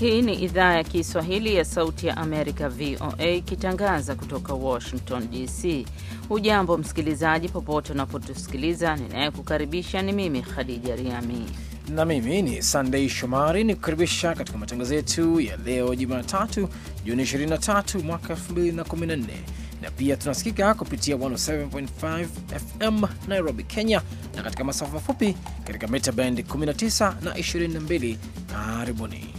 Hii ni idhaa ya Kiswahili ya Sauti ya Amerika, VOA, ikitangaza kutoka Washington DC. Hujambo msikilizaji, popote unapotusikiliza. Ninayekukaribisha ni mimi Khadija Riami na mimi ni Sandei Shomari ni kukaribisha katika matangazo yetu ya leo Jumatatu, Juni 23 mwaka 2014 na pia tunasikika kupitia 107.5 FM Nairobi, Kenya, na katika masafa mafupi katika mita bendi 19 na 22. Karibuni.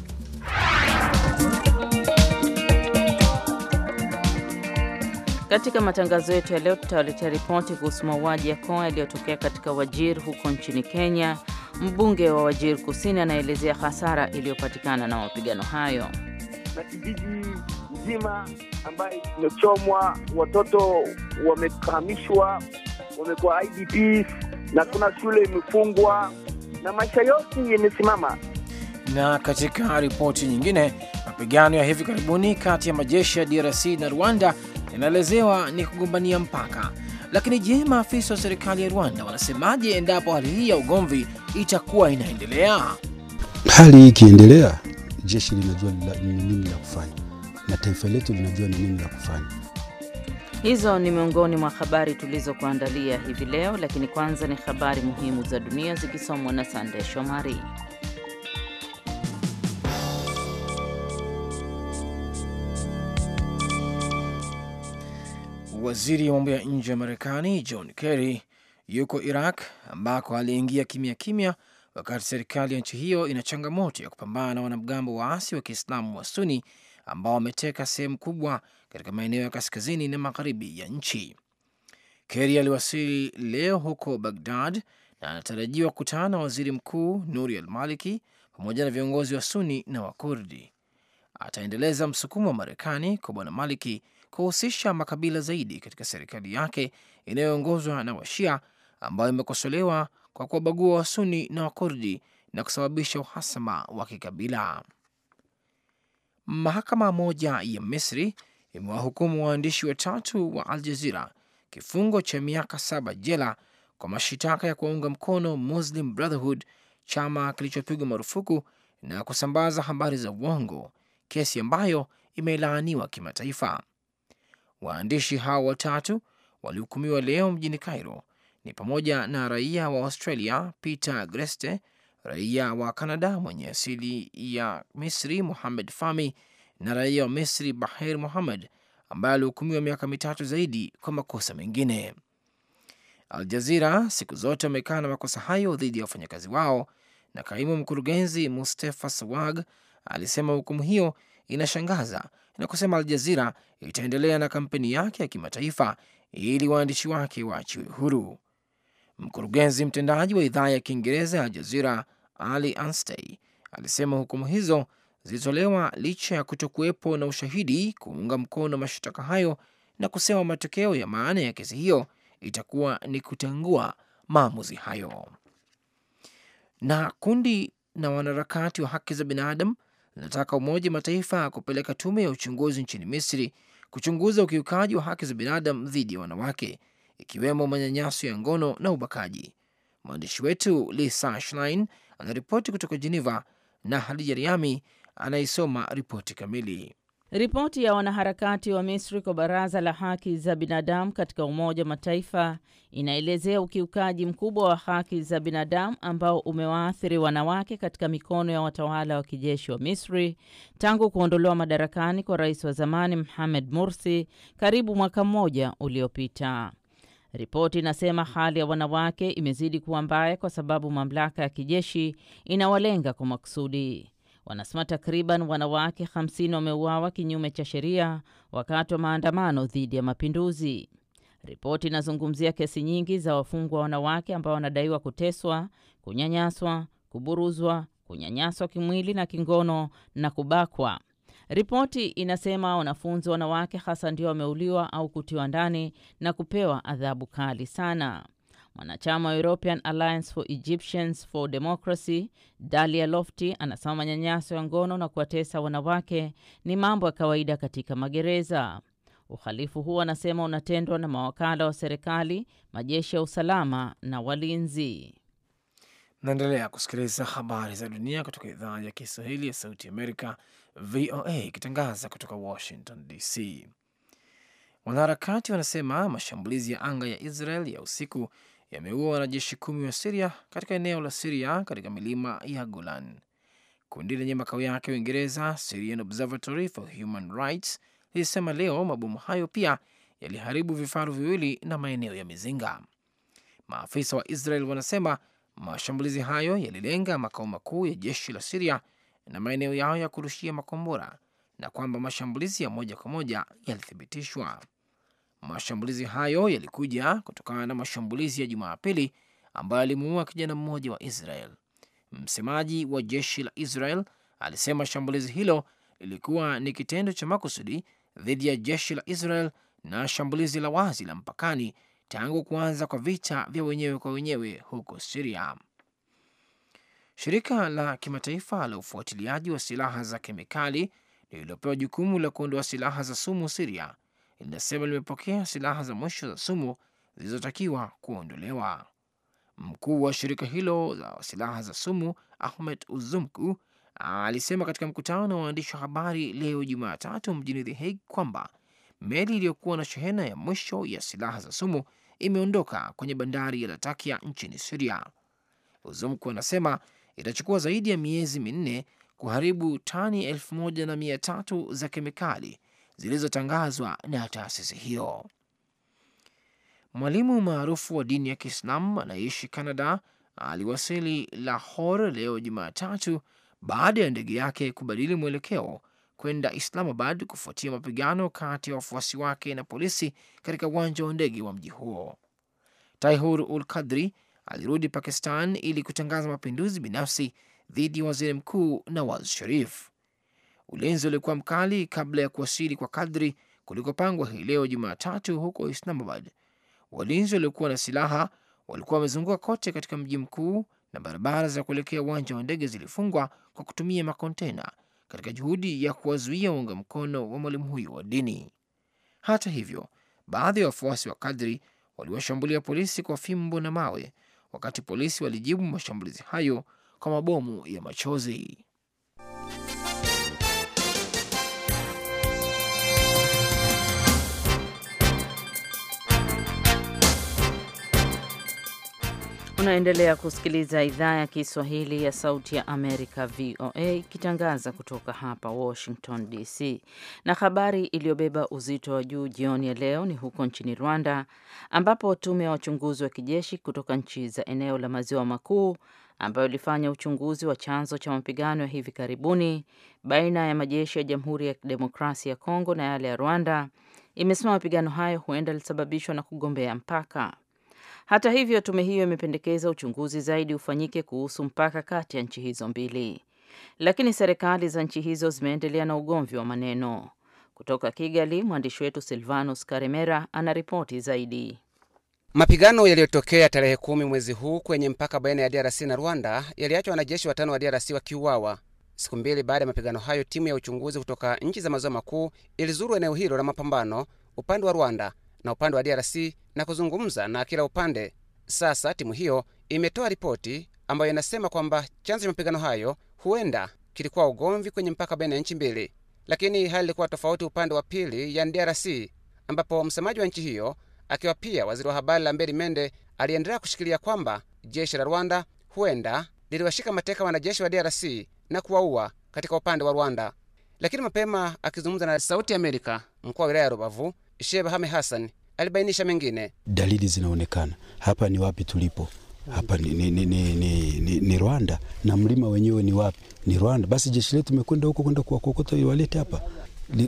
Katika matangazo yetu ya leo tutawaletea ripoti kuhusu mauaji ya koa yaliyotokea katika Wajir huko nchini Kenya. Mbunge wa Wajir Kusini anaelezea hasara iliyopatikana na mapigano hayo. Na kijiji nzima ambayo kimechomwa, watoto wamehamishwa, wamekuwa IDPs na kuna shule imefungwa na maisha yote yamesimama. Na katika ripoti nyingine, mapigano ya hivi karibuni kati ya majeshi ya DRC na Rwanda yanaelezewa ni kugombania mpaka. Lakini je, maafisa wa serikali ya Rwanda wanasemaje endapo hali hii ya ugomvi itakuwa inaendelea? Hali hii ikiendelea, jeshi linajua ni nini la kufanya na taifa letu linajua ni nini la kufanya. Hizo ni miongoni mwa habari tulizokuandalia hivi leo, lakini kwanza ni habari muhimu za dunia zikisomwa na Sande Shomari. Waziri wa mambo ya nje wa Marekani John Kerry yuko Iraq ambako aliingia kimya kimya wakati serikali ya nchi hiyo ina changamoto ya kupambana na wanamgambo waasi wa Kiislamu wa Suni ambao wameteka sehemu kubwa katika maeneo ya kaskazini na magharibi ya nchi. Kerry aliwasili leo huko Bagdad na anatarajiwa kukutana na waziri mkuu Nuri al Maliki pamoja na viongozi wa Suni na Wakurdi. Ataendeleza msukumo wa Marekani kwa Bwana Maliki kuhusisha makabila zaidi katika serikali yake inayoongozwa na Washia ambayo imekosolewa kwa kuwabagua Wasuni na Wakurdi na kusababisha uhasama wa kikabila. Mahakama moja ya Misri imewahukumu waandishi watatu wa Al Jazira kifungo cha miaka saba jela kwa mashitaka ya kuwaunga mkono Muslim Brotherhood, chama kilichopigwa marufuku na kusambaza habari za uongo, kesi ambayo imelaaniwa kimataifa. Waandishi hao watatu walihukumiwa leo mjini Cairo ni pamoja na raia wa Australia Peter Greste, raia wa Canada mwenye asili ya Misri muhamed fami na raia wa Misri Bahir muhamed ambaye alihukumiwa miaka mitatu zaidi kwa makosa mengine. Al Jazira siku zote wamekaa na makosa hayo dhidi ya wafanyakazi wao, na kaimu mkurugenzi Mustafa Sawag alisema hukumu hiyo inashangaza na kusema Al Jazira itaendelea na kampeni yake ya kimataifa ili waandishi wake waachiwe huru. Mkurugenzi mtendaji wa idhaa ya Kiingereza ya aljazira Jazira Ali Anstey alisema hukumu hizo zilitolewa licha ya kutokuwepo na ushahidi kuunga mkono mashtaka hayo, na kusema matokeo ya maana ya kesi hiyo itakuwa ni kutangua maamuzi hayo. Na kundi na wanaharakati wa haki za binadamu linataka Umoja Mataifa kupeleka tume ya uchunguzi nchini Misri kuchunguza ukiukaji wa haki za binadamu dhidi ya wanawake ikiwemo manyanyaso ya ngono na ubakaji. Mwandishi wetu Lisa Schlein anaripoti kutoka Jeneva na Hadija Riami anaisoma ripoti kamili. Ripoti ya wanaharakati wa Misri kwa Baraza la Haki za Binadamu katika Umoja wa Mataifa inaelezea ukiukaji mkubwa wa haki za binadamu ambao umewaathiri wanawake katika mikono ya watawala wa kijeshi wa Misri tangu kuondolewa madarakani kwa rais wa zamani Mohamed Morsi karibu mwaka mmoja uliopita. Ripoti inasema hali ya wanawake imezidi kuwa mbaya kwa sababu mamlaka ya kijeshi inawalenga kwa makusudi. Wanasema takriban wanawake 50 wameuawa kinyume cha sheria wakati wa maandamano dhidi ya mapinduzi. Ripoti inazungumzia kesi nyingi za wafungwa wanawake ambao wanadaiwa kuteswa, kunyanyaswa, kuburuzwa, kunyanyaswa kimwili na kingono na kubakwa. Ripoti inasema wanafunzi wanawake hasa ndio wameuliwa au kutiwa ndani na kupewa adhabu kali sana. Mwanachama wa European Alliance for Egyptians for Democracy, Dalia Lofti anasema manyanyaso ya ngono na kuwatesa wanawake ni mambo ya kawaida katika magereza. Uhalifu huu anasema unatendwa na mawakala wa serikali, majeshi ya usalama na walinzi. Naendelea kusikiliza habari za dunia kutoka idhaa ya Kiswahili ya Sauti Amerika, VOA, ikitangaza kutoka Washington DC. Wanaharakati wanasema mashambulizi ya anga ya Israel ya usiku yameua wanajeshi kumi wa Siria katika eneo la Siria katika milima ya Golan. Kundi lenye makao yake Uingereza, Syrian Observatory for Human Rights, lilisema leo mabomu hayo pia yaliharibu vifaru viwili na maeneo ya mizinga. Maafisa wa Israel wanasema mashambulizi hayo yalilenga makao makuu ya jeshi la Siria na maeneo yao ya kurushia makombora na kwamba mashambulizi ya moja kwa moja yalithibitishwa. Mashambulizi hayo yalikuja kutokana na mashambulizi ya Jumapili ambayo alimuua kijana mmoja wa Israel. Msemaji wa jeshi la Israel alisema shambulizi hilo lilikuwa ni kitendo cha makusudi dhidi ya jeshi la Israel na shambulizi la wazi la mpakani tangu kuanza kwa vita vya wenyewe kwa wenyewe huko Siria. Shirika la kimataifa la ufuatiliaji wa silaha za kemikali lililopewa jukumu la kuondoa silaha za sumu Siria linasema limepokea silaha za mwisho za sumu zilizotakiwa kuondolewa. Mkuu wa shirika hilo la silaha za sumu Ahmed Uzumku alisema katika mkutano na waandishi wa habari leo Jumatatu mjini The Hague kwamba meli iliyokuwa na shehena ya mwisho ya silaha za sumu imeondoka kwenye bandari ya Latakia nchini Siria. Uzumku anasema itachukua zaidi ya miezi minne kuharibu tani elfu moja na mia tatu za kemikali zilizotangazwa na taasisi hiyo. Mwalimu maarufu wa dini ya kiislam anayeishi Canada aliwasili Lahore leo Jumatatu baada ya ndege yake kubadili mwelekeo kwenda Islamabad kufuatia mapigano kati ya wafuasi wake na polisi katika uwanja wa ndege wa mji huo. Taihur ul Kadri alirudi Pakistan ili kutangaza mapinduzi binafsi dhidi ya waziri mkuu Nawaz Sharif. Ulinzi ulikuwa mkali kabla ya kuwasili kwa kadri kulikopangwa hii leo Jumatatu huko Islamabad. Walinzi waliokuwa na silaha walikuwa wamezunguka kote katika mji mkuu na barabara za kuelekea uwanja wa ndege zilifungwa kwa kutumia makontena katika juhudi ya kuwazuia uunga mkono wa mwalimu huyo wa dini. Hata hivyo, baadhi ya wafuasi wa kadri waliwashambulia polisi kwa fimbo na mawe, wakati polisi walijibu mashambulizi hayo kwa mabomu ya machozi. Unaendelea kusikiliza idhaa ya Kiswahili ya Sauti ya Amerika, VOA, ikitangaza kutoka hapa Washington DC. Na habari iliyobeba uzito wa juu jioni ya leo ni huko nchini Rwanda, ambapo tume ya wachunguzi wa kijeshi kutoka nchi za eneo la maziwa makuu ambayo ilifanya uchunguzi wa chanzo cha mapigano ya hivi karibuni baina ya majeshi ya Jamhuri ya demokrasia ya Kongo na yale ya Rwanda imesema mapigano hayo huenda yalisababishwa na kugombea mpaka. Hata hivyo, tume hiyo imependekeza uchunguzi zaidi ufanyike kuhusu mpaka kati ya nchi hizo mbili, lakini serikali za nchi hizo zimeendelea na ugomvi wa maneno. Kutoka Kigali, mwandishi wetu Silvanus Karemera anaripoti zaidi. Mapigano yaliyotokea tarehe kumi mwezi huu kwenye mpaka baina ya DRC na Rwanda yaliachwa wanajeshi watano wa DRC wakiuawa. Siku mbili baada ya mapigano hayo, timu ya uchunguzi kutoka nchi za maziwa makuu ilizuru eneo hilo la mapambano upande wa Rwanda na upande wa DRC na kuzungumza na kila upande. Sasa timu hiyo imetoa ripoti ambayo inasema kwamba chanzo cha mapigano hayo huenda kilikuwa ugomvi kwenye mpaka baina ya nchi mbili, lakini hali ilikuwa tofauti upande wa pili, yani DRC, ambapo msemaji wa nchi hiyo akiwa pia waziri wa habari Lambert Mende aliendelea kushikilia kwamba jeshi la Rwanda huenda liliwashika mateka wanajeshi wa DRC na kuwaua katika upande wa Rwanda. Lakini mapema akizungumza na Sauti ya Amerika, mkuu wa wilaya ya Rubavu Sheba Hame Hassan alibainisha mengine. Dalili zinaonekana hapa. Ni wapi tulipo? Hapa ni, ni, ni, ni, ni, ni Rwanda, na mlima wenyewe ni wapi? Ni Rwanda. Basi jeshi letu imekwenda huko kwenda kuwakokota walete hapa.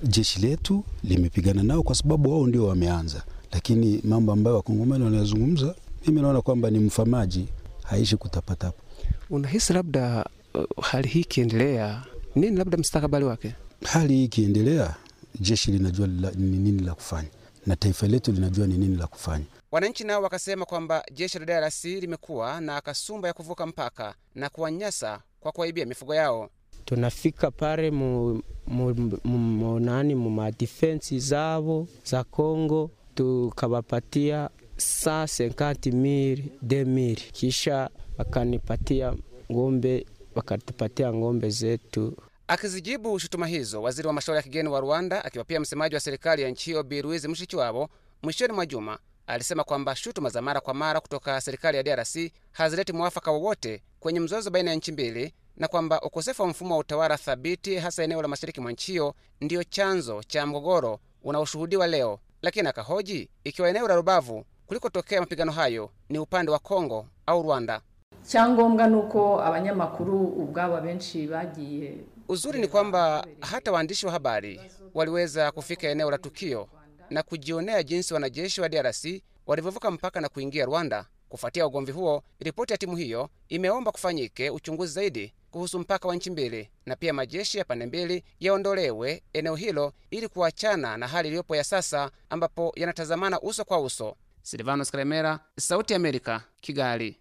Jeshi letu limepigana nao kwa sababu wao ndio wameanza, lakini mambo ambayo wakongomani wanayozungumza, mimi naona kwamba ni mfamaji, haishi kutapatapa. Unahisi labda uh, hali hii ikiendelea nini, labda mstakabali wake, hali hii ikiendelea jeshi linajua ni nini la kufanya na taifa letu linajua ni nini la kufanya. Wananchi nao wakasema kwamba jeshi la DRC limekuwa na kasumba ya kuvuka mpaka na kuwanyasa kwa kuwaibia mifugo yao. Tunafika pale munani mumadifensi zavo za Kongo tukawapatia saa senkati mili demili, kisha wakanipatia ng'ombe, wakatupatia ng'ombe zetu. Akizijibu shutuma hizo, waziri wa mashauri ya kigeni wa Rwanda akiwa pia msemaji wa serikali ya nchi hiyo Bi Louise Mushikiwabo mwishoni mwa juma alisema kwamba shutuma za mara kwa mara kutoka serikali ya DRC hazileti mwafaka wowote kwenye mzozo baina ya nchi mbili na kwamba ukosefu wa mfumo wa utawala thabiti hasa eneo la mashariki mwa nchi hiyo ndiyo chanzo cha mgogoro unaoshuhudiwa leo, lakini akahoji ikiwa eneo la Rubavu kulikotokea mapigano hayo ni upande wa Kongo au Rwanda. cyangombwa nuko abanyamakuru ubwabo benshi bagiye Uzuri ni kwamba hata waandishi wa habari waliweza kufika eneo la tukio na kujionea jinsi wanajeshi wa DRC walivyovuka mpaka na kuingia Rwanda. Kufuatia ugomvi huo, ripoti ya timu hiyo imeomba kufanyike uchunguzi zaidi kuhusu mpaka wa nchi mbili na pia majeshi ya pande mbili yaondolewe eneo hilo ili kuachana na hali iliyopo ya sasa ambapo yanatazamana uso kwa uso. Silvanos Karemera, Sauti ya Amerika, Kigali.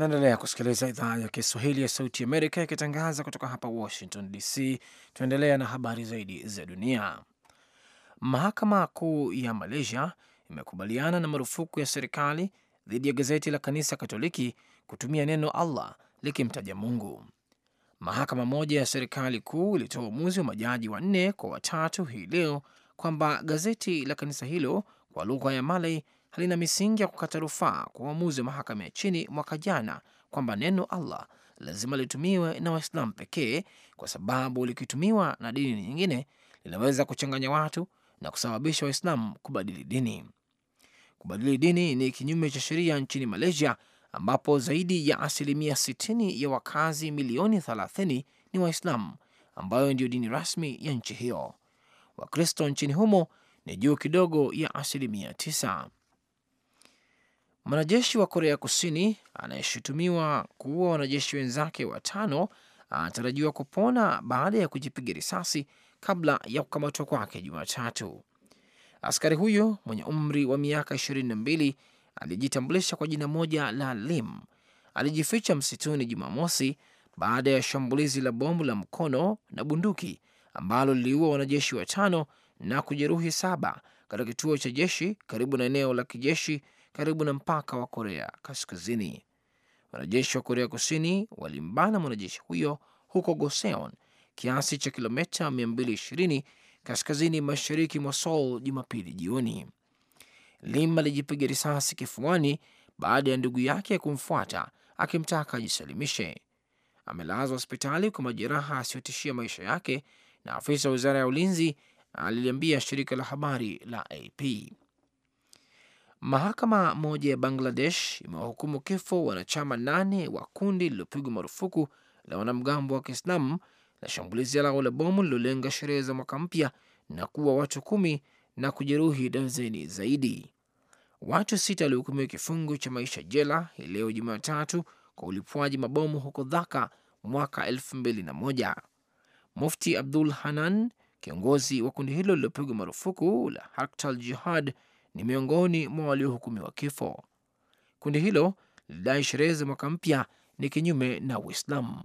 Naendelea kusikiliza idhaa ya Kiswahili ya Sauti Amerika ikitangaza kutoka hapa Washington DC. Tunaendelea na habari zaidi za dunia. Mahakama Kuu ya Malaysia imekubaliana na marufuku ya serikali dhidi ya gazeti la kanisa Katoliki kutumia neno Allah likimtaja Mungu. Mahakama moja ya serikali kuu ilitoa uamuzi wa majaji wanne kwa watatu hii leo kwamba gazeti la kanisa hilo kwa lugha ya Malay halina misingi ya kukata rufaa kwa uamuzi wa mahakama ya chini mwaka jana kwamba neno Allah lazima litumiwe na Waislamu pekee kwa sababu likitumiwa na dini nyingine linaweza kuchanganya watu na kusababisha Waislamu kubadili dini. Kubadili dini ni kinyume cha sheria nchini Malaysia, ambapo zaidi ya asilimia 60 ya wakazi milioni 30 ni Waislamu, ambayo ndiyo dini rasmi ya nchi hiyo. Wakristo nchini humo ni juu kidogo ya asilimia 9. Mwanajeshi wa Korea Kusini anayeshutumiwa kuua wanajeshi wenzake watano anatarajiwa kupona baada ya kujipiga risasi kabla ya kukamatwa kwake Jumatatu. Askari huyo mwenye umri wa miaka ishirini na mbili alijitambulisha kwa jina moja la Lim alijificha msituni Jumamosi baada ya shambulizi la bomu la mkono na bunduki ambalo liliua wanajeshi watano na kujeruhi saba katika kituo cha jeshi karibu na eneo la kijeshi karibu na mpaka wa Korea Kaskazini. Wanajeshi wa Korea Kusini walimbana mwanajeshi huyo huko Goseon, kiasi cha kilomita 220 kaskazini mashariki mwa Seoul Jumapili jioni. Lim alijipiga risasi kifuani baada ya ndugu yake ya kumfuata akimtaka ajisalimishe. Amelazwa hospitali kwa majeraha asiyotishia maisha yake, na afisa wa wizara ya ulinzi aliliambia shirika la habari la AP. Mahakama moja ya Bangladesh imewahukumu kifo wanachama nane wa kundi lililopigwa marufuku la wanamgambo wa Kiislamu la shambulizi lao la bomu lililolenga sherehe za mwaka mpya na kuwa watu kumi na kujeruhi dazeni zaidi. Watu sita walihukumiwa kifungo cha maisha jela hii leo Jumatatu kwa ulipwaji mabomu huko Dhaka mwaka elfu mbili na moja. Mufti Abdul Hanan, kiongozi wa kundi hilo lililopigwa marufuku la Haktal Jihad, ni miongoni mwa waliohukumiwa kifo. Kundi hilo lilidai sherehe za mwaka mpya ni kinyume na Uislamu.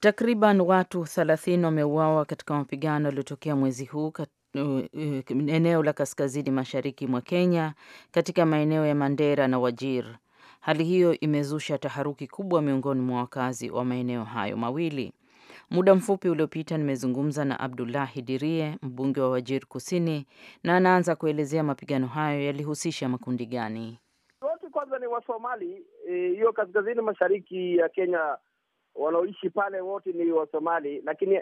Takriban watu 30 wameuawa katika mapigano yaliyotokea mwezi huu kat... Uh, uh, eneo la kaskazini mashariki mwa Kenya katika maeneo ya Mandera na Wajir. Hali hiyo imezusha taharuki kubwa miongoni mwa wakazi wa maeneo hayo mawili. Muda mfupi uliopita nimezungumza na Abdullahi Dirie, mbunge wa Wajir Kusini, na anaanza kuelezea mapigano hayo yalihusisha makundi gani. Wote kwanza ni Wasomali e, hiyo, e, kaskazini mashariki ya Kenya wanaoishi pale wote ni Wasomali, lakini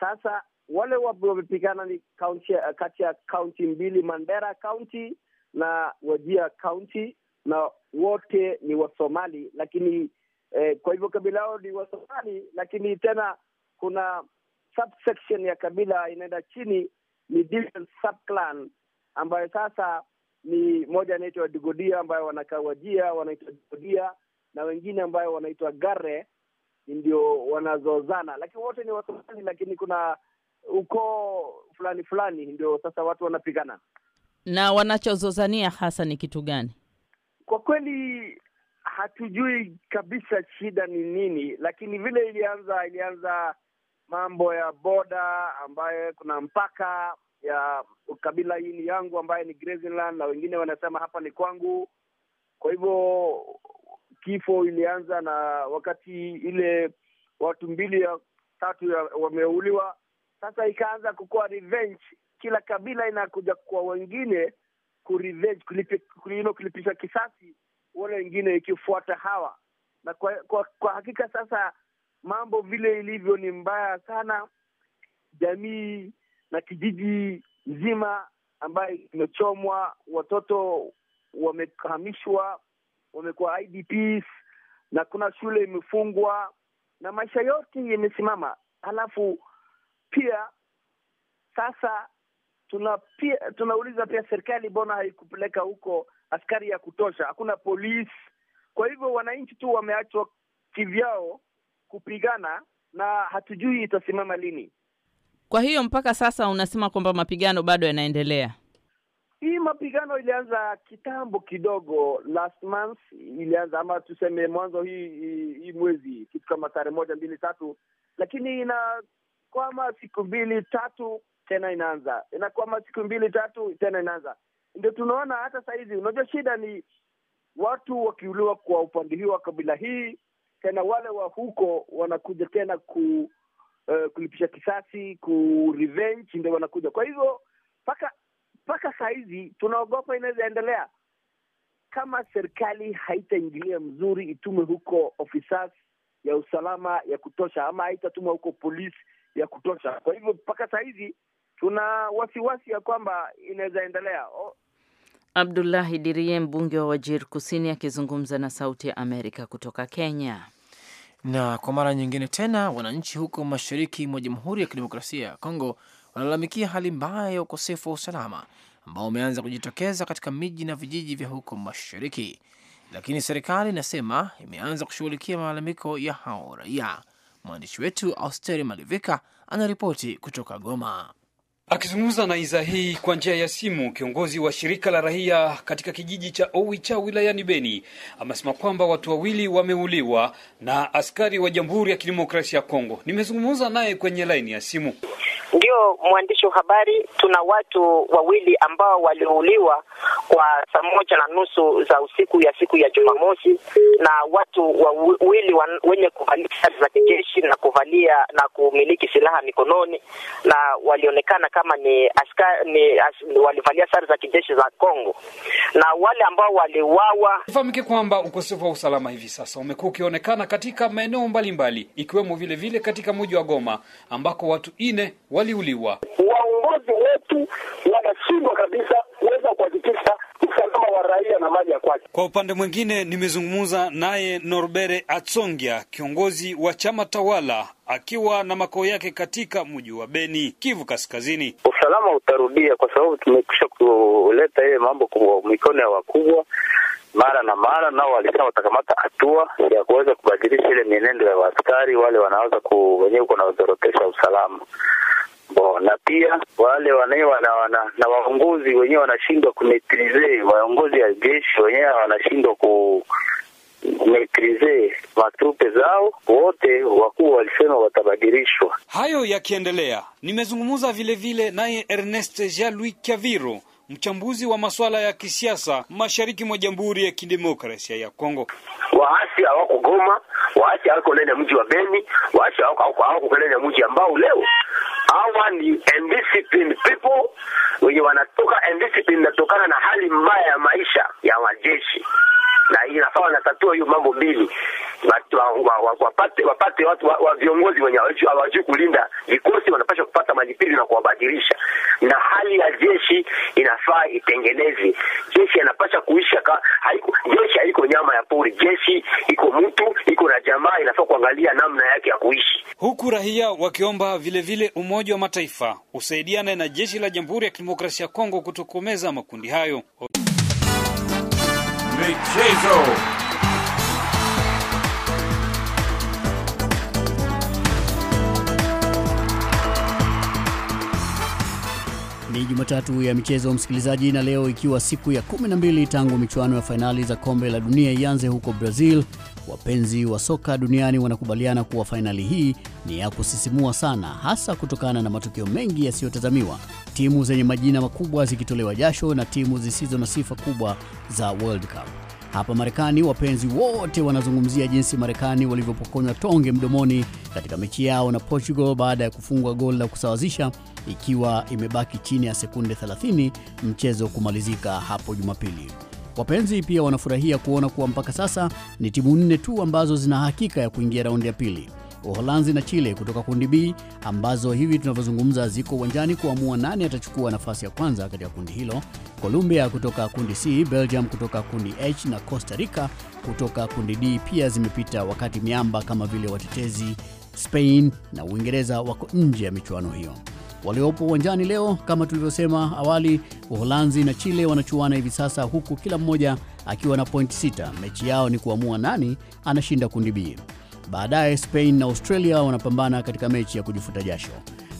sasa wale wamepigana ni kati ya kaunti mbili, Mandera kaunti na Wajia kaunti, na wote ni Wasomali lakini eh, kwa hivyo kabila yao ni Wasomali, lakini tena kuna subsection ya kabila inaenda chini ni different subclan, ambayo sasa ni moja inaitwa digodia ambayo wanakaa Wajia wanaitwa digodia na wengine ambayo wanaitwa Gare ndio wanazozana, lakini wote ni Wasomali, lakini kuna ukoo fulani fulani ndio sasa watu wanapigana. Na wanachozozania hasa ni kitu gani? Kwa kweli hatujui kabisa shida ni nini, lakini vile ilianza ilianza mambo ya boda ambaye kuna mpaka ya kabila hili yangu ambaye ni na wengine wanasema hapa ni kwangu. Kwa hivyo kifo ilianza na wakati ile watu mbili ya tatu wameuliwa, sasa ikaanza kukua revenge. Kila kabila inakuja kwa wengine kurevenge, kulipi, kulipisha kisasi wale wengine ikifuata hawa na kwa, kwa, kwa hakika sasa mambo vile ilivyo ni mbaya sana. Jamii na kijiji nzima ambayo imechomwa watoto wamehamishwa, wamekuwa IDPs na kuna shule imefungwa na maisha yote yamesimama. Halafu pia sasa tuna pia, tunauliza pia serikali, mbona haikupeleka huko askari ya kutosha? Hakuna polisi. Kwa hivyo wananchi tu wameachwa kivyao kupigana na hatujui itasimama lini. Kwa hiyo mpaka sasa unasema kwamba mapigano bado yanaendelea? Hii mapigano ilianza kitambo kidogo, last month ilianza, ama tuseme mwanzo hii hii mwezi, kitu kama tarehe moja mbili tatu, lakini inakwama siku mbili tatu tena inaanza, inakwama siku mbili tatu tena inaanza. Ndio tunaona hata saa hizi. Unajua, shida ni watu wakiuliwa kwa upande hii wa kabila hii tena wale wa huko wanakuja tena ku uh, kulipisha kisasi ku revenge, ndio wanakuja. Kwa hivyo mpaka mpaka saa hizi tunaogopa inaweza endelea kama serikali haitaingilia mzuri, itume huko ofisa ya usalama ya kutosha, ama haitatuma huko polisi ya kutosha. Kwa hivyo mpaka saa hizi tuna wasiwasi ya kwamba inaweza endelea. Abdullahi Dirie, mbunge wa Wajir Kusini, akizungumza na Sauti ya Amerika kutoka Kenya. Na kwa mara nyingine tena wananchi huko mashariki mwa Jamhuri ya Kidemokrasia ya Kongo wanalalamikia hali mbaya ya ukosefu wa usalama ambao umeanza kujitokeza katika miji na vijiji vya huko mashariki, lakini serikali inasema imeanza kushughulikia malalamiko ya hao raia. Mwandishi wetu Austeri Malivika anaripoti kutoka Goma. Akizungumza na idhaa hii kwa njia ya simu, kiongozi wa shirika la raia katika kijiji cha Owicha wilayani Beni amesema kwamba watu wawili wameuliwa na askari wa Jamhuri ya Kidemokrasia ya Kongo. Nimezungumza naye kwenye laini ya simu. Ndio mwandishi wa habari, tuna watu wawili ambao waliuliwa kwa saa moja na nusu za usiku ya siku ya Jumamosi na watu wawili wenye kuvalia sare za kijeshi na kuvalia na kumiliki silaha mikononi, na walionekana kama ni askari ni as, walivalia sare za kijeshi za Kongo, na wale ambao waliuawa. Ifahamike kwamba ukosefu wa usalama hivi sasa umekuwa ukionekana katika maeneo mbalimbali ikiwemo vile vile katika mji wa Goma ambako watu ine waliuliwa. Waongozi wetu wanashindwa kabisa kuweza kuhakikisha usalama wa raia na mali ya kwake. Kwa upande mwingine, nimezungumza naye Norbere Atsongia, kiongozi wa chama tawala akiwa na makao yake katika mji wa Beni, Kivu Kaskazini. Usalama utarudia kwa sababu tumekwisha kuleta ile mambo kwa mikono ya wakubwa mara na mara, nao walisema watakamata hatua ya kuweza kubadilisha ile mienendo ya waaskari wale wanaweza ku wenyewe kunazorotesha usalama bo, na pia wale wanae wana, wana, na waongozi wenyewe wanashindwa kumetrize, waongozi ya jeshi wenyewe wanashindwa ku metrize matrupe zao wote, wakuu walisema watabadilishwa. Hayo yakiendelea, nimezungumza vilevile naye Ernest Jean Louis Kiaviro mchambuzi wa masuala ya kisiasa mashariki mwa Jamhuri ya Kidemokrasia ya Kongo. Waasi hawako Goma, waasi hawako ndani ya mji wa Beni, waasi hawako ndani ya mji ambao leo hawa ni undisciplined people wenye wanatoka undisciplined, natokana na hali mbaya ya maisha ya wajeshi inafaa wanatatua hiyo mambo mbili, wapate wapate watu wa viongozi wenye hawajui kulinda vikosi, wanapaswa kupata malipizi na kuwabadilisha, na hali ya jeshi inafaa itengenezwe. Jeshi inapasha kuisha ka, haiku, jeshi haiko nyama ya pori, jeshi iko mtu, iko na jamaa, inafaa kuangalia namna yake ya kuishi, huku raia wakiomba vile vile Umoja wa Mataifa usaidiane na jeshi la Jamhuri ya Kidemokrasia ya Kongo kutokomeza makundi hayo. Cezo. Ni Jumatatu ya michezo msikilizaji, na leo ikiwa siku ya 12 tangu michuano ya fainali za kombe la dunia ianze huko Brazil, wapenzi wa soka duniani wanakubaliana kuwa fainali hii ni ya kusisimua sana, hasa kutokana na matukio mengi yasiyotazamiwa timu zenye majina makubwa zikitolewa jasho na timu zisizo na sifa kubwa za World Cup. Hapa Marekani, wapenzi wote wanazungumzia jinsi Marekani walivyopokonywa tonge mdomoni katika mechi yao na Portugal baada ya kufungwa goli la kusawazisha ikiwa imebaki chini ya sekunde 30 mchezo kumalizika hapo Jumapili. Wapenzi pia wanafurahia kuona kuwa mpaka sasa ni timu nne tu ambazo zina hakika ya kuingia raundi ya pili. Uholanzi na Chile kutoka kundi B ambazo hivi tunavyozungumza ziko uwanjani kuamua nani atachukua nafasi ya kwanza katika kundi hilo, Colombia kutoka kundi C, Belgium kutoka kundi H na Costa Rica kutoka kundi D pia zimepita, wakati miamba kama vile watetezi Spain na Uingereza wako nje ya michuano hiyo. Waliopo uwanjani leo kama tulivyosema awali, Uholanzi na Chile wanachuana hivi sasa, huku kila mmoja akiwa na pointi sita. Mechi yao ni kuamua nani anashinda kundi B. Baadaye Spain na Australia wanapambana katika mechi ya kujifuta jasho.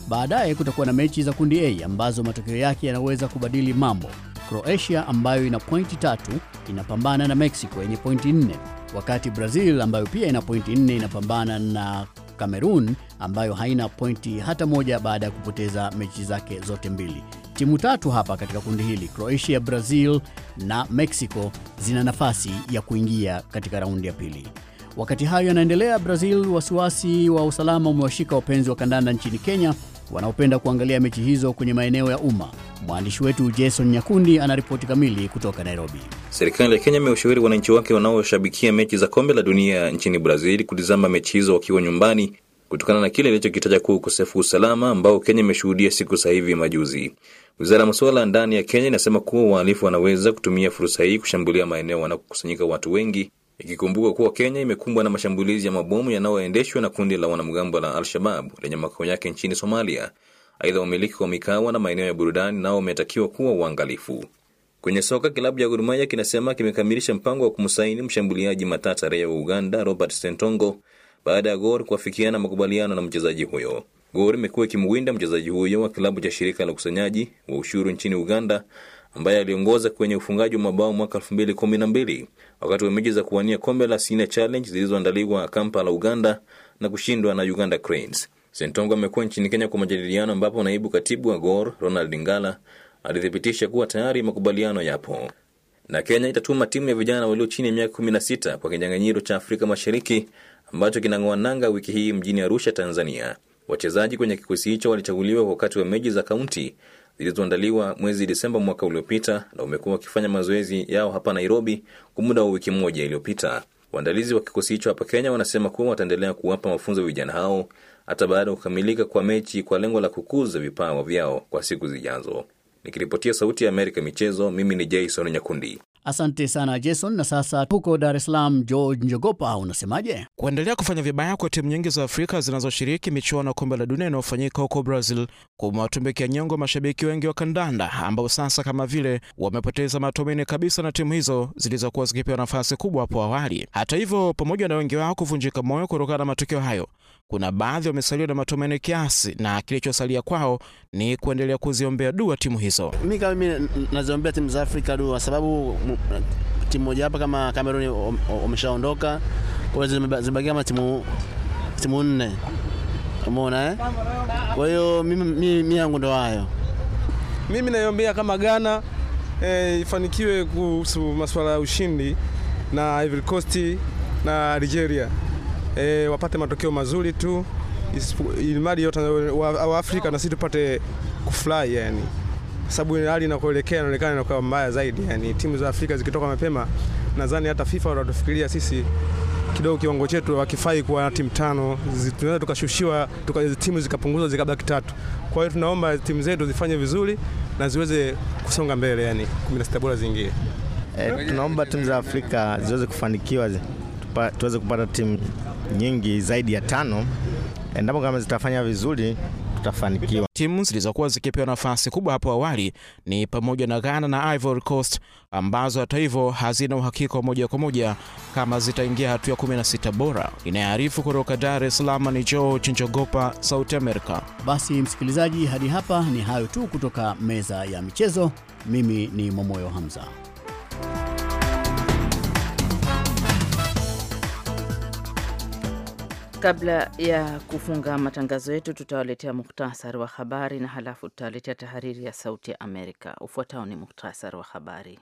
Baadaye kutakuwa na mechi za kundi A ambazo matokeo yake yanaweza kubadili mambo. Croatia ambayo ina pointi tatu inapambana na Mexico yenye pointi nne, wakati Brazil ambayo pia ina pointi nne inapambana na Cameroon ambayo haina pointi hata moja baada ya kupoteza mechi zake zote mbili. Timu tatu hapa katika kundi hili, Croatia, Brazil na Mexico, zina nafasi ya kuingia katika raundi ya pili. Wakati hayo yanaendelea, Brazil, wasiwasi wa usalama umewashika wapenzi wa kandanda nchini Kenya wanaopenda kuangalia mechi hizo kwenye maeneo ya umma. Mwandishi wetu Jason Nyakundi anaripoti kamili kutoka Nairobi. Serikali ya Kenya imeushauri wananchi wake wanaoshabikia mechi za kombe la dunia nchini Brazil kutizama mechi hizo wakiwa nyumbani kutokana na kile ilichokitaja kuwa ukosefu usalama ambao Kenya imeshuhudia siku za hivi majuzi. Wizara ya masuala ya ndani ya Kenya inasema kuwa wahalifu wanaweza kutumia fursa hii kushambulia maeneo wanakokusanyika watu wengi ikikumbuka kuwa Kenya imekumbwa na mashambulizi ya mabomu yanayoendeshwa na kundi la wanamgambo la al shabab lenye makao yake nchini Somalia. Aidha, wamiliki wa mikawa na maeneo ya burudani nao wametakiwa kuwa uangalifu. Kwenye soka, kilabu ya Gor Mahia kinasema kimekamilisha mpango wa kumsaini mshambuliaji matata raia wa Uganda Robert Sentongo baada ya Gor kuafikiana makubaliano na mchezaji huyo. Gor imekuwa ikimwinda mchezaji huyo wa kilabu cha shirika la ukusanyaji wa ushuru nchini Uganda ambaye aliongoza kwenye ufungaji wa mabao mwaka 2012 wakati wa mechi za kuwania kombe la Senior Challenge zilizoandaliwa Kampala, Uganda na kushindwa na Uganda Cranes. Sentongo amekuwa nchini Kenya kwa majadiliano ambapo naibu katibu wa Gor Ronald Ngala alithibitisha kuwa tayari makubaliano yapo na Kenya itatuma timu ya vijana walio chini ya miaka 16 kwa kinyang'anyiro cha Afrika Mashariki ambacho kinang'oa nanga wiki hii mjini Arusha, Tanzania. Wachezaji kwenye kikosi hicho walichaguliwa wakati wa mechi za kaunti zilizoandaliwa mwezi Desemba mwaka uliopita na umekuwa wakifanya mazoezi yao hapa Nairobi kwa muda wa wiki moja iliyopita. Waandalizi wa kikosi hicho hapa Kenya wanasema kuwa wataendelea kuwapa mafunzo vijana hao hata baada ya kukamilika kwa mechi kwa lengo la kukuza vipawa vyao kwa siku zijazo. Nikiripotia Sauti ya Amerika michezo, mimi ni Jason Nyakundi. Asante sana Jason. Na sasa huko Dar es Salaam, George Njogopa, unasemaje? Kuendelea kufanya vibaya kwa timu nyingi za Afrika zinazoshiriki michuano ya kombe la dunia inayofanyika huko Brazil kumewatumbikia nyongo mashabiki wengi wa kandanda ambao sasa kama vile wamepoteza matumaini kabisa na timu hizo zilizokuwa zikipewa nafasi kubwa hapo awali. Hata hivyo, pamoja na wengi wao kuvunjika moyo kutokana na matukio hayo kuna baadhi wamesalia na matumaini kiasi, na kilichosalia kwao ni kuendelea kuziombea dua timu hizo. Mimi kama mimi naziombea timu za Afrika dua, sababu timu moja hapa kama Cameroon wameshaondoka, kwa hiyo zimebakia kama timu timu nne, umeona eh? Kwa hiyo mimi yangu ndo hayo. Mimi naiombea kama Ghana eh, ifanikiwe kuhusu masuala ya ushindi na Ivory Coast na Algeria e, wapate matokeo mazuri tu ilimadi yote wa Afrika na sisi tupate kufly yani, sababu hali inakoelekea inaonekana inakuwa mbaya zaidi yani. Timu za Afrika zikitoka mapema, nadhani hata FIFA watatufikiria sisi kidogo kiwango chetu wakifai kuwa timu tano, tunaweza tukashushiwa tuka, timu zikapunguzwa zikabaki tatu. Kwa hiyo tunaomba timu zetu zifanye vizuri na ziweze kusonga mbele yani, 16 bora zingine. E, tunaomba timu za Afrika ziweze kufanikiwa tuweze kupata timu nyingi zaidi ya tano, endapo kama zitafanya vizuri tutafanikiwa. Timu zilizokuwa zikipewa nafasi kubwa hapo awali ni pamoja na Ghana na Ivory Coast ambazo hata hivyo hazina uhakika wa moja kwa moja kama zitaingia hatua ya 16 bora. Inayoarifu kutoka Dar es Salaam ni George Njogopa, Sauti america Basi msikilizaji, hadi hapa ni hayo tu kutoka meza ya michezo. Mimi ni Momoyo Hamza. Kabla ya kufunga matangazo yetu, tutawaletea muhtasari wa habari na halafu tutawaletea tahariri ya Sauti ya Amerika. Ufuatao ni muhtasari wa habari.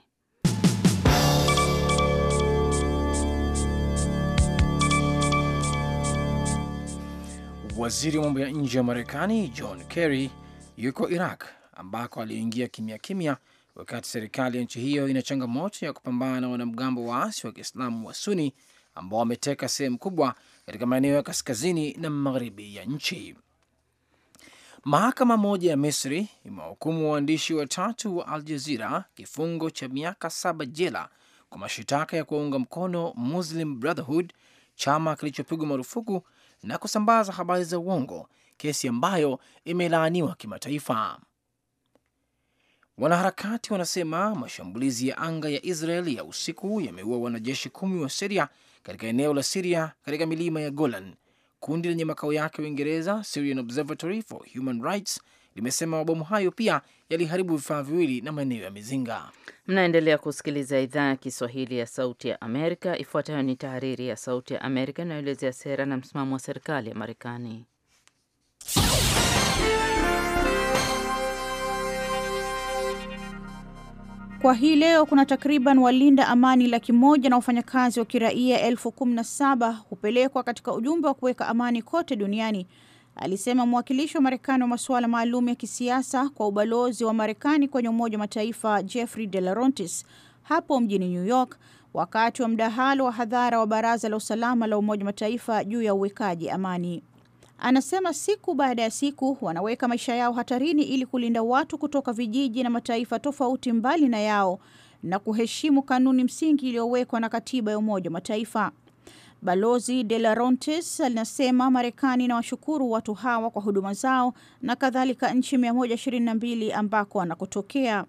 Waziri wa mambo ya nje wa Marekani John Kerry yuko Iraq ambako aliingia kimya kimya wakati serikali ya nchi hiyo ina changamoto ya kupambana na wanamgambo waasi wa Kiislamu wa Suni ambao wameteka sehemu kubwa katika maeneo ya kaskazini na magharibi ya nchi. Mahakama moja ya Misri imewahukumu waandishi watatu wa Al Jazira kifungo cha miaka saba jela kwa mashitaka ya kuwaunga mkono Muslim Brotherhood, chama kilichopigwa marufuku na kusambaza habari za uongo, kesi ambayo imelaaniwa kimataifa. Wanaharakati wanasema mashambulizi ya anga ya Israeli ya usiku yameua wanajeshi kumi wa Siria katika eneo la Siria katika milima ya Golan. Kundi lenye makao yake Uingereza, Syrian Observatory for Human Rights, limesema mabomu hayo pia yaliharibu vifaa viwili na maeneo ya mizinga. Mnaendelea kusikiliza idhaa ya Kiswahili ya Sauti ya Amerika. Ifuatayo ni tahariri ya Sauti ya Amerika inayoelezea sera na msimamo wa serikali ya Marekani. Kwa hii leo kuna takriban walinda amani laki moja na wafanyakazi wa kiraia elfu kumi na saba hupelekwa katika ujumbe wa kuweka amani kote duniani, alisema mwakilishi wa Marekani wa masuala maalum ya kisiasa kwa ubalozi wa Marekani kwenye Umoja wa Mataifa Jeffrey De Larontis hapo mjini New York wakati wa mdahalo wa hadhara wa Baraza la Usalama la Umoja wa Mataifa juu ya uwekaji amani. Anasema siku baada ya siku wanaweka maisha yao hatarini ili kulinda watu kutoka vijiji na mataifa tofauti mbali na yao na kuheshimu kanuni msingi iliyowekwa na katiba ya Umoja wa Mataifa. Balozi De La Rontes anasema Marekani inawashukuru watu hawa kwa huduma zao na kadhalika nchi 122 ambako anakotokea.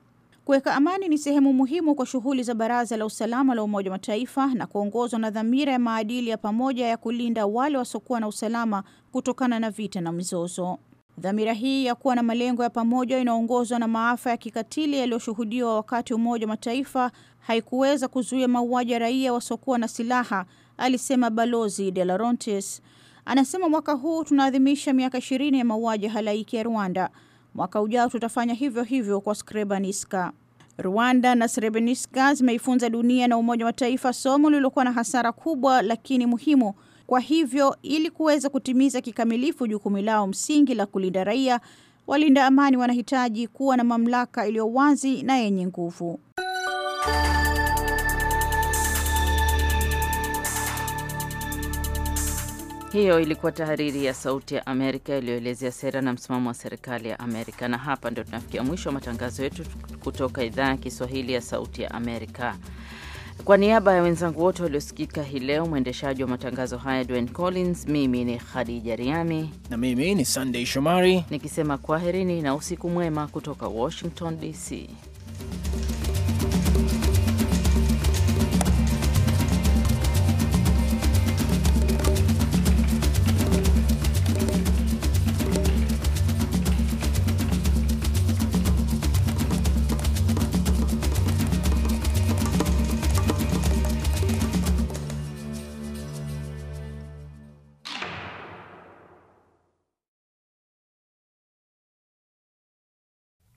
Kuweka amani ni sehemu muhimu kwa shughuli za Baraza la Usalama la Umoja wa Mataifa na kuongozwa na dhamira ya maadili ya pamoja ya kulinda wale wasiokuwa na usalama kutokana na vita na mizozo. Dhamira hii ya kuwa na malengo ya pamoja inaongozwa na maafa ya kikatili yaliyoshuhudiwa wakati Umoja wa Mataifa haikuweza kuzuia mauaji ya raia wasiokuwa na silaha, alisema Balozi De Laurentiis. Anasema mwaka huu tunaadhimisha miaka ishirini ya mauaji halaiki ya Rwanda. Mwaka ujao tutafanya hivyo hivyo kwa Srebrenica. Rwanda na Srebrenica zimeifunza dunia na Umoja wa Mataifa somo lililokuwa na hasara kubwa lakini muhimu. Kwa hivyo, ili kuweza kutimiza kikamilifu jukumu lao msingi la kulinda raia, walinda amani wanahitaji kuwa na mamlaka iliyo wazi na yenye nguvu. Hiyo ilikuwa tahariri ya Sauti ya Amerika iliyoelezea sera na msimamo wa serikali ya Amerika. Na hapa ndio tunafikia mwisho wa matangazo yetu kutoka idhaa ya Kiswahili ya Sauti ya Amerika. Kwa niaba ya wenzangu wote waliosikika hii leo, mwendeshaji wa matangazo haya Dwayne Collins, mimi ni Khadija Riami na mimi ni Sandey Shomari nikisema kwaherini na usiku mwema kutoka Washington DC.